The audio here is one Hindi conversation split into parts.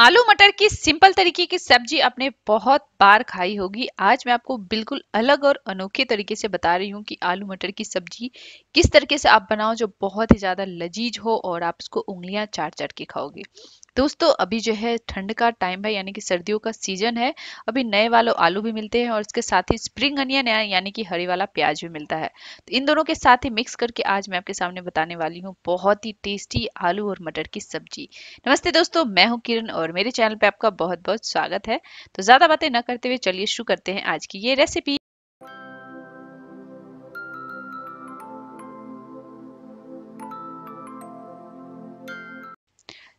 आलू मटर की सिंपल तरीके की सब्जी आपने बहुत बार खाई होगी आज मैं आपको बिल्कुल अलग और अनोखे तरीके से बता रही हूँ कि आलू मटर की सब्जी किस तरीके से आप बनाओ जो बहुत ही ज़्यादा लजीज हो और आप इसको उंगलियां चाट चाट के खाओगे दोस्तों अभी जो है ठंड का टाइम है यानी कि सर्दियों का सीजन है अभी नए वालों आलू भी मिलते हैं और इसके साथ ही स्प्रिंग अनियन यानी कि हरी वाला प्याज भी मिलता है तो इन दोनों के साथ ही मिक्स करके आज मैं आपके सामने बताने वाली हूँ बहुत ही टेस्टी आलू और मटर की सब्जी नमस्ते दोस्तों मैं हूँ किरण और मेरे चैनल पर आपका बहुत बहुत स्वागत है तो ज़्यादा बातें न करते हुए चलिए शुरू करते हैं आज की ये रेसिपी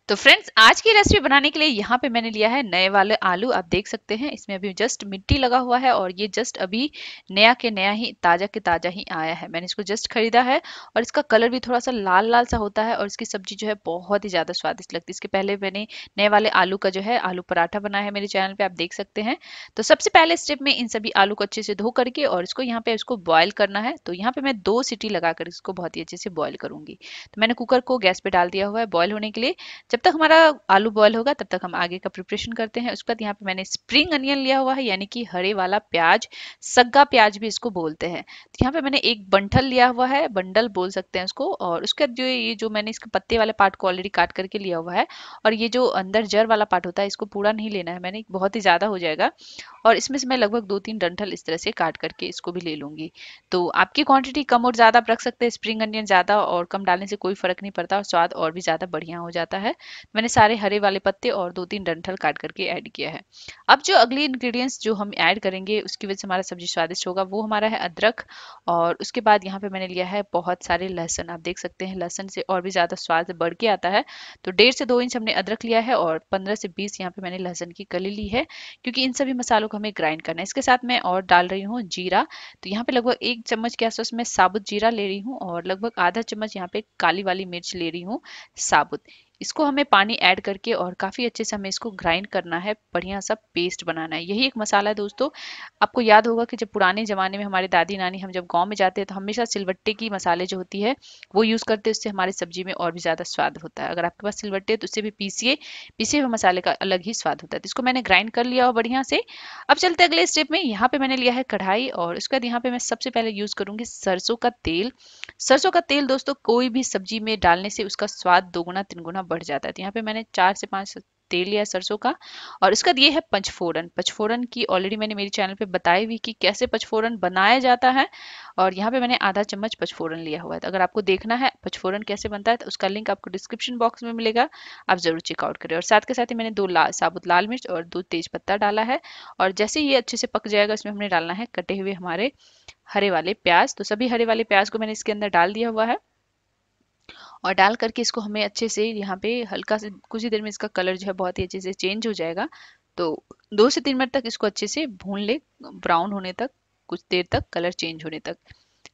तो फ्रेंड्स आज की रेसिपी बनाने के लिए यहाँ पे मैंने लिया है नए वाले आलू आप देख सकते हैं इसमें अभी जस्ट मिट्टी लगा हुआ है और ये जस्ट अभी नया के नया ही ताज़ा के ताज़ा ही आया है मैंने इसको जस्ट खरीदा है और इसका कलर भी थोड़ा सा लाल लाल सा होता है और इसकी सब्जी जो है बहुत ही ज़्यादा स्वादिष्ट लगती है इसके पहले मैंने नए वाले आलू का जो है आलू पराठा बनाया है मेरे चैनल पर आप देख सकते हैं तो सबसे पहले स्टेप में इन सभी आलू को अच्छे से धो करके और इसको यहाँ पे इसको बॉयल करना है तो यहाँ पे मैं दो सीटी लगाकर इसको बहुत ही अच्छे से बॉयल करूंगी तो मैंने कुकर को गैस पे डाल दिया हुआ है बॉयल होने के लिए जब तक हमारा आलू बॉयल होगा तब तक हम आगे का प्रिपरेशन करते हैं उसके बाद यहाँ पे मैंने स्प्रिंग अनियन लिया हुआ है यानी कि हरे वाला प्याज सग्गा प्याज भी इसको बोलते हैं तो यहाँ पे मैंने एक बंठल लिया हुआ है बंडल बोल सकते हैं उसको और उसके बाद जो ये जो मैंने इसके पत्ते वाले पार्ट को ऑलरेडी काट करके लिया हुआ है और ये जो अंदर जर वाला पार्ट होता है इसको पूरा नहीं लेना है मैंने बहुत ही ज़्यादा हो जाएगा और इसमें से मैं लगभग दो तीन डंठल इस तरह से काट करके इसको भी ले लूँगी तो आपकी क्वांटिटी कम और ज़्यादा रख सकते हैं स्प्रिंग अनियन ज़्यादा और कम डालने से कोई फ़र्क नहीं पड़ता और स्वाद और भी ज़्यादा बढ़िया हो जाता है मैंने सारे हरे वाले पत्ते और दो तीन डंठल काट करके ऐड किया है अब जो अगली इंग्रेडिएंट्स जो हम ऐड करेंगे उसकी वजह से हमारा सब्जी स्वादिष्ट होगा वो हमारा है अदरक और उसके बाद यहाँ पे मैंने लिया है बहुत सारे लहसन आप देख सकते हैं लहसन से और भी ज़्यादा स्वाद बढ़ के आता है तो डेढ़ से दो इंच हमने अदरक लिया है और पंद्रह से बीस यहाँ पे मैंने लहसन की कली ली है क्योंकि इन सभी मसालों को हमें ग्राइंड करना है इसके साथ मैं और डाल रही हूँ जीरा तो यहाँ पे लगभग एक चम्मच के आसपास मैं साबुत जीरा ले रही हूँ और लगभग आधा चम्मच यहाँ पे काली वाली मिर्च ले रही हूँ साबुत इसको हमें पानी ऐड करके और काफ़ी अच्छे से हमें इसको ग्राइंड करना है बढ़िया सा पेस्ट बनाना है यही एक मसाला है दोस्तों आपको याद होगा कि जब पुराने ज़माने में हमारे दादी नानी हम जब गाँव में जाते हैं तो हमेशा सिलवट्टे की मसाले जो होती है वो यूज़ करते हैं उससे हमारी सब्जी में और भी ज़्यादा स्वाद होता है अगर आपके पास सिलवट्टे तो उससे भी पीसिए पीसे हुए मसाले का अलग ही स्वाद होता है तो इसको मैंने ग्राइंड कर लिया और बढ़िया से अब चलते अगले स्टेप में यहाँ पे मैंने लिया है कढ़ाई और उसके बाद यहाँ पे मैं सबसे पहले यूज़ करूँगी सरसों का तेल सरसों का तेल दोस्तों कोई भी सब्जी में डालने से उसका स्वाद दोगुना तीन गुना बढ़ जाता है तो यहाँ पे मैंने चार से पाँच तेल लिया सरसों का और इसका ये है पंचफोरन पंचफोरन की ऑलरेडी मैंने मेरे चैनल पे बताई हुई कि कैसे पंचफोरन बनाया जाता है और यहाँ पे मैंने आधा चम्मच पंचफोरन लिया हुआ है तो अगर आपको देखना है पंचफोरन कैसे बनता है तो उसका लिंक आपको डिस्क्रिप्शन बॉक्स में मिलेगा आप जरूर चेकआउट करें और साथ के साथ ही मैंने दो ला साबुत लाल मिर्च और दो तेज पत्ता डाला है और जैसे ये अच्छे से पक जाएगा इसमें हमने डालना है कटे हुए हमारे हरे वाले प्याज तो सभी हरे वाले प्याज को मैंने इसके अंदर डाल दिया हुआ है और डाल करके इसको हमें अच्छे से यहाँ पे हल्का से कुछ ही देर में इसका कलर जो है बहुत ही अच्छे से चेंज हो जाएगा तो दो से तीन मिनट तक इसको अच्छे से भून ले ब्राउन होने तक कुछ देर तक कलर चेंज होने तक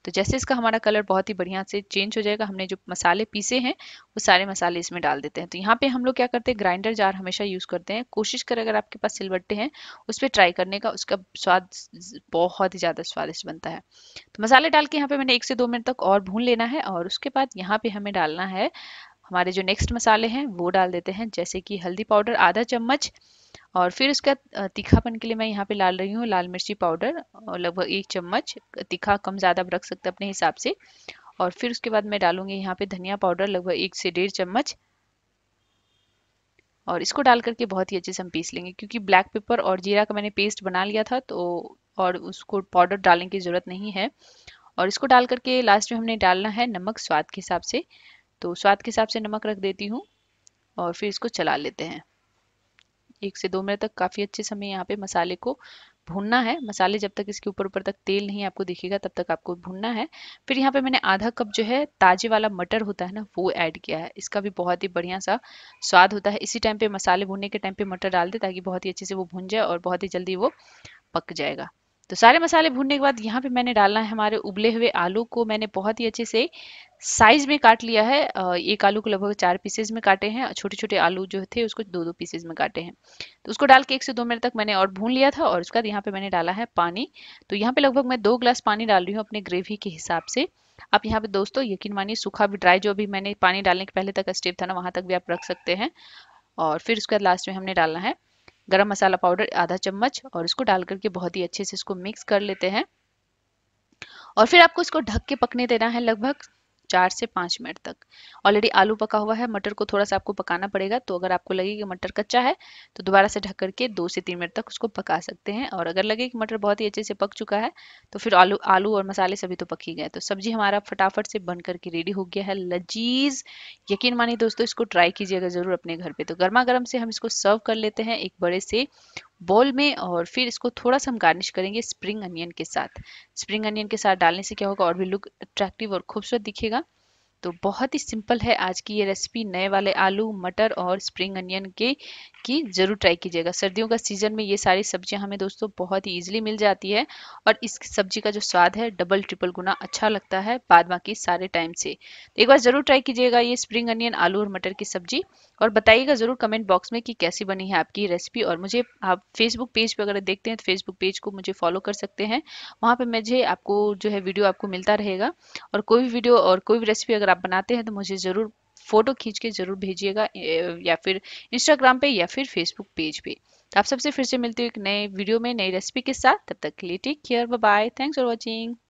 तो जैसे इसका हमारा कलर बहुत ही बढ़िया से चेंज हो जाएगा हमने जो मसाले पीसे हैं वो सारे मसाले इसमें डाल देते हैं तो यहाँ पे हम लोग क्या करते हैं ग्राइंडर जार हमेशा यूज़ करते हैं कोशिश करें अगर आपके पास सिलबट्टे हैं उस पर ट्राई करने का उसका स्वाद बहुत ही ज़्यादा स्वादिष्ट बनता है तो मसाले डाल के यहाँ पे मैंने एक से दो मिनट तक और भून लेना है और उसके बाद यहाँ पे हमें डालना है हमारे जो नेक्स्ट मसाले हैं वो डाल देते हैं जैसे कि हल्दी पाउडर आधा चम्मच और फिर उसका तीखापन के लिए मैं यहाँ पे डाल रही हूँ लाल मिर्ची पाउडर और लगभग एक चम्मच तीखा कम ज़्यादा रख सकते अपने हिसाब से और फिर उसके बाद मैं डालूंगी यहाँ पे धनिया पाउडर लगभग एक से डेढ़ चम्मच और इसको डाल करके बहुत ही अच्छे से हम पीस लेंगे क्योंकि ब्लैक पेपर और जीरा का मैंने पेस्ट बना लिया था तो और उसको पाउडर डालने की ज़रूरत नहीं है और इसको डाल करके लास्ट में हमने डालना है नमक स्वाद के हिसाब से तो स्वाद के हिसाब से नमक रख देती हूँ और फिर इसको चला लेते हैं एक से दो मिनट तक काफ़ी अच्छे से हमें यहाँ पे मसाले को भूनना है मसाले जब तक इसके ऊपर ऊपर तक तेल नहीं आपको दिखेगा तब तक आपको भूनना है फिर यहाँ पे मैंने आधा कप जो है ताजे वाला मटर होता है ना वो ऐड किया है इसका भी बहुत ही बढ़िया सा स्वाद होता है इसी टाइम पे मसाले भूनने के टाइम पे मटर डाल दे ताकि बहुत ही अच्छे से वो भून जाए और बहुत ही जल्दी वो पक जाएगा तो सारे मसाले भूनने के बाद यहाँ पे मैंने डालना है हमारे उबले हुए आलू को मैंने बहुत ही अच्छे से साइज में काट लिया है एक आलू को लगभग चार पीसेज में काटे हैं छोटे छोटे आलू जो थे उसको दो दो पीसेज में काटे हैं तो उसको डाल के एक से दो मिनट तक मैंने और भून लिया था और उसके बाद यहाँ पे मैंने डाला है पानी तो यहाँ पे लगभग मैं दो ग्लास पानी डाल रही हूँ अपने ग्रेवी के हिसाब से आप यहाँ पे दोस्तों यकीन मानिए सूखा भी ड्राई जो भी मैंने पानी डालने के पहले तक स्टेप था ना वहाँ तक भी आप रख सकते हैं और फिर उसके बाद लास्ट में हमने डालना है गरम मसाला पाउडर आधा चम्मच और इसको डाल करके बहुत ही अच्छे से इसको मिक्स कर लेते हैं और फिर आपको इसको ढक के पकने देना है लगभग चार से पाँच मिनट तक ऑलरेडी आलू पका हुआ है मटर को थोड़ा सा आपको पकाना पड़ेगा तो अगर आपको लगे कि मटर कच्चा है तो दोबारा से ढक करके दो से तीन मिनट तक उसको पका सकते हैं और अगर लगे कि मटर बहुत ही अच्छे से पक चुका है तो फिर आलू आलू और मसाले सभी तो पक ही गए तो सब्जी हमारा फटाफट से बन करके रेडी हो गया है लजीज यकीन मानिए दोस्तों इसको ट्राई कीजिएगा जरूर अपने घर पर तो गर्मा गर्म से हम इसको सर्व कर लेते हैं एक बड़े से बॉल में और फिर इसको थोड़ा सा हम गार्निश करेंगे स्प्रिंग अनियन के साथ स्प्रिंग अनियन के साथ डालने से क्या होगा और भी लुक अट्रैक्टिव और खूबसूरत दिखेगा तो बहुत ही सिंपल है आज की ये रेसिपी नए वाले आलू मटर और स्प्रिंग अनियन के की ज़रूर ट्राई कीजिएगा सर्दियों का सीज़न में ये सारी सब्जियां हमें दोस्तों बहुत ही ईजिली मिल जाती है और इस सब्जी का जो स्वाद है डबल ट्रिपल गुना अच्छा लगता है बाद बाकी सारे टाइम से एक बार ज़रूर ट्राई कीजिएगा ये स्प्रिंग अनियन आलू और मटर की सब्जी और बताइएगा ज़रूर कमेंट बॉक्स में कि कैसी बनी है आपकी रेसिपी और मुझे आप फेसबुक पेज पर अगर देखते हैं तो फेसबुक पेज को मुझे फॉलो कर सकते हैं वहाँ पर मुझे आपको जो है वीडियो आपको मिलता रहेगा और कोई भी वीडियो और कोई भी रेसिपी अगर आप बनाते हैं तो मुझे ज़रूर फोटो खींच के जरूर भेजिएगा या फिर इंस्टाग्राम पे या फिर फेसबुक पेज पे तो आप सबसे फिर से मिलते हो एक नए वीडियो में नई रेसिपी के साथ तब तक के लिए take care bye bye thanks for watching